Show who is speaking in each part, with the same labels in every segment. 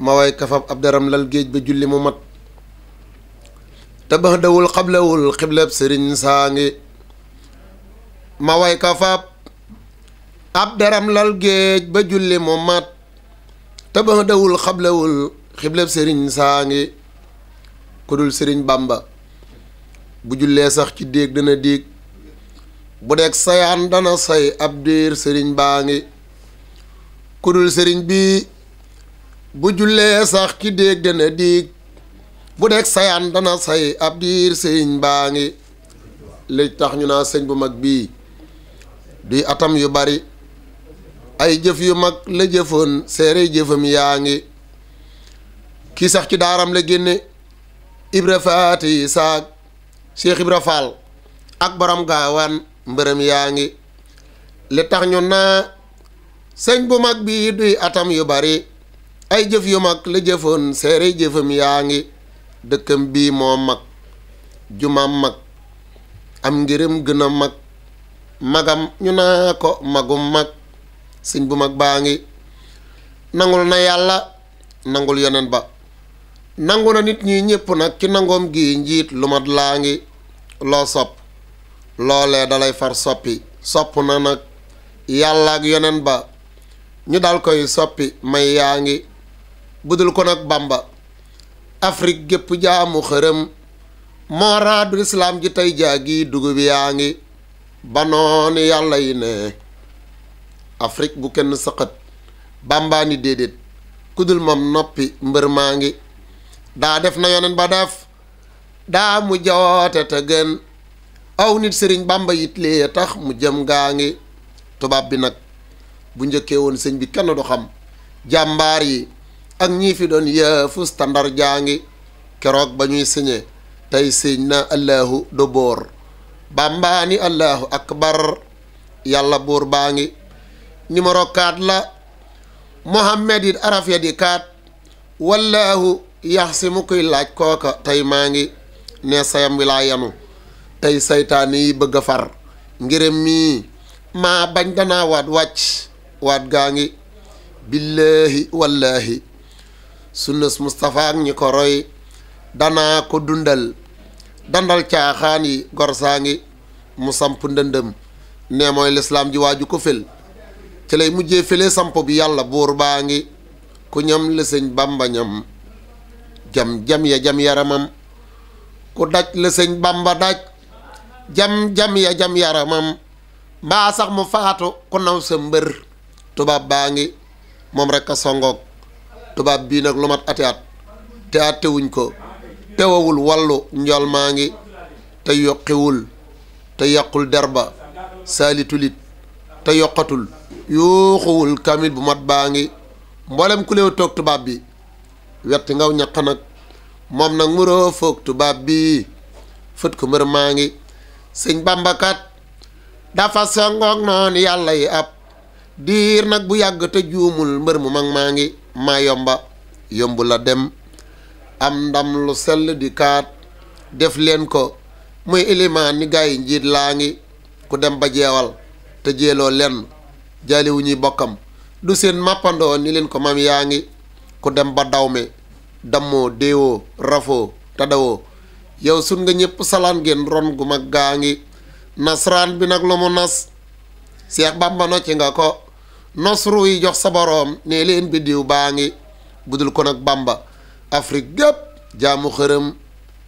Speaker 1: ma way kafab ab daram lal géej ba julli mu mat tabax dawul xablawul sëriñ saa ngi ma way kafab ab daram lal géej ba julli mu mat tabax dawul sëriñ saa ngi ku sëriñ bàmba bu jullee sax ci déeg dana déeg bu dee sayaan dana say ab diir sëriñ baa ngi ku dul sëriñ bii bu jullee sax ki déeg dana diig bu deg sayaan dana say ab diir sëriñ baa ngi li tax ñu naa sëñ bu mag bii duy atam yu bari ay jëf yu mag la jëfoon seere jëfam yaa ngi kii sax ci daaram la génne ibra faati saak cheikh ibra faal ak borom gaawaan mbërëm yaa ngi li tax ñu naa sëñ bu mag bii duy atam yu bari ay jëf yu mag la jëfoon seere jëfam yaa ngi dëkkam bii moo mag jumaam mag am ngiram gën a mag magam ñu naa ko magum mag sëñ bu mag baa ngi nangul na yàlla nangul yonen ba nangu na nit ñi ñëpp nag ci nangoom gi njiit lu laa ngi loo sopp loole dalay far soppi sopp na nag yàlla ak yonen ba ñu dal koy soppi may yaa ngi budul ko nag Bamba Afrique gépp jaamu xërëm moo raadu islaam ji tey jaagi dugub yaa ngi banoon yàlla yi ne Afrique bu kenn sëqat Bamba ni déedéet kudul moom noppi mbër maa ngi daa def na yonen ba def daa mu jawoote te gën aw nit sëriñ Bamba it tax mu jëm gaa ngi tubaab bi nag bu njëkkee woon sëñ bi kenn du xam jàmbaar yi ak ñii fi doon yëfu standard jaa ngi keroog ba ñuy siñe tey siñ na allahu do boor bàmbaani allahu akbar yàlla buur baa ngi numéro 4 la mohammed it araf ya di wallahu yax mu koy laaj kooka tey maa ngi ne sayam wi laa yanu tey saytaane yi bëgg a far ngërëm mii maa bañ danaa waat wàcc waat gaa ngi billaahi wallaahi sunnas Moustapha ak ñi ko roy danaa ko dundal dandal caaxaan yi gor saa ngi mu samp ndëndam ne mooy lislaam ji waaju ko fel ci lay mujjee fele samp bi yàlla buur baa ngi ku ñam la sëñ bàmba ñam jam jam ya jam yaramam ku daj la sëñ daj jam jam ya jam yaramam mbaa sax mu faatu ku naw sa mbër tubaab baa ngi moom rek a songoog tubaab bii nag lu mat ati at te attewuñ ko tewawul wàllu njool maa ngi te yoqiwul te yàqul derba saalitulit te yoqatul yuuxuwul kamit bu mat baa ngi mboolem ku toog tubaab bi wett ngaw ñaq nag moom nag muroo foog tubaab bi fët ko mër maa ngi sëñ bàmbakat dafa songoog yàlla yi ab diir nag bu yàgg te juumul mbër mu mag maa ngi maa yomba yomb la dem am ndam lu sell di kaat def leen ko muy ilimaan ni gars njiit laa ngi ku dem ba jeewal te jeeloo lenn jaali ñuy bokkam du seen màppandoo ni leen ko mam yaa ngi ku dem ba dawme dammoo déewoo rafoo tadawoo yow sun nga ñëpp salaan ngeen ron gu mag gaa ngi nasraan bi nag lu mu nas Seex Bàmba nocci nga ko nosru yi jox sa boroom ne leen biddiw baa ngi bu budul ko nag bàmba afrig gépp jaamu xërëm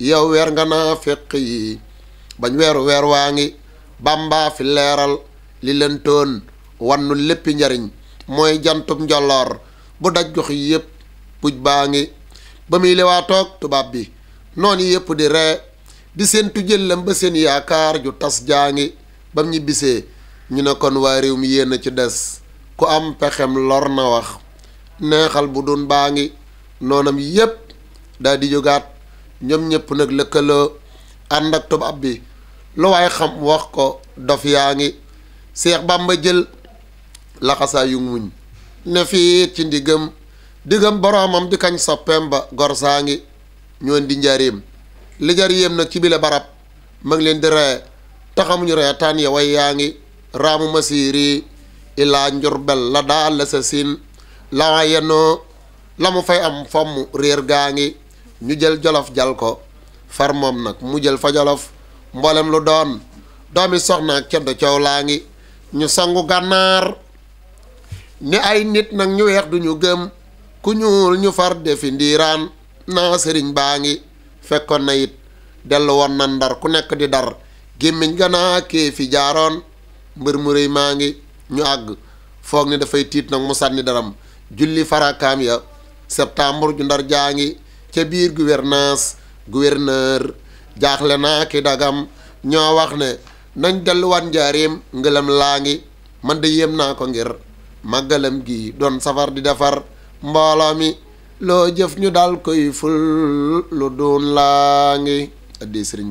Speaker 1: yow weer nga naa feq yi bañ weeru weer waa ngi bàmbaa fi leeral li lëntoon wannu léppi njariñ mooy jantum njolloor bu daj jox yi yépp puj baa ngi ba muy liwaa tubaab bi noonu yépp di ree di seen tujëllam ba seen yaakaar ju tas jaa ngi ba ñibbisee ñu ne kon waa réew mi yéen a ci des ku am pexem lor na wax neexal bu dun baa ngi noonam yépp daal di jógaat ñoom ñëpp nag lëkkaloo ànd ak tubaab bi lu waay xam wax ko dof yaa ngi Seex Bàmba jël laxasaa yu muñ ne fiit ci ndigam digam boroomam di kañ soppeem ba gor saa ngi ñoon di njariim li jar yéem nag ci bile barab ma leen di ree taxamuñu reetaan ya way yaa ngi raamu masiir yi ilaa njurbel la daa lesa siin lama yenoo la mu fay am fomm réer gaa ngi ñu jël jolof jal ko far moom nag mu jël fa jolof mboolem lu doon doomi soxna ak ceddo coow laa ngi ñu sangu gànnaar ni ay nit nag ñu weex duñu gëm ku ñuul ñu far defi ndiiraan naa sëriñ baa ngi fekkoon na it dellu woon na ndar ku nekk di dar gémmiñ ganaa kee fi jaaroon mbër mu rëy maa ngi ñu àgg foog ni dafay tiit nag mu sànni daram julli farakaam ya septembre ju ndar jaa ngi ca biir gouvernance gouverneur jaaxle naa ki dagam ñoo wax ne nañ delluwaat njaareem ngëlam laa ngi man de yéem naa ko ngir màggalam gi doon safar di defar mbooloo mi loo jëf ñu daal koy ful lu doon laa ngi addi sëriñ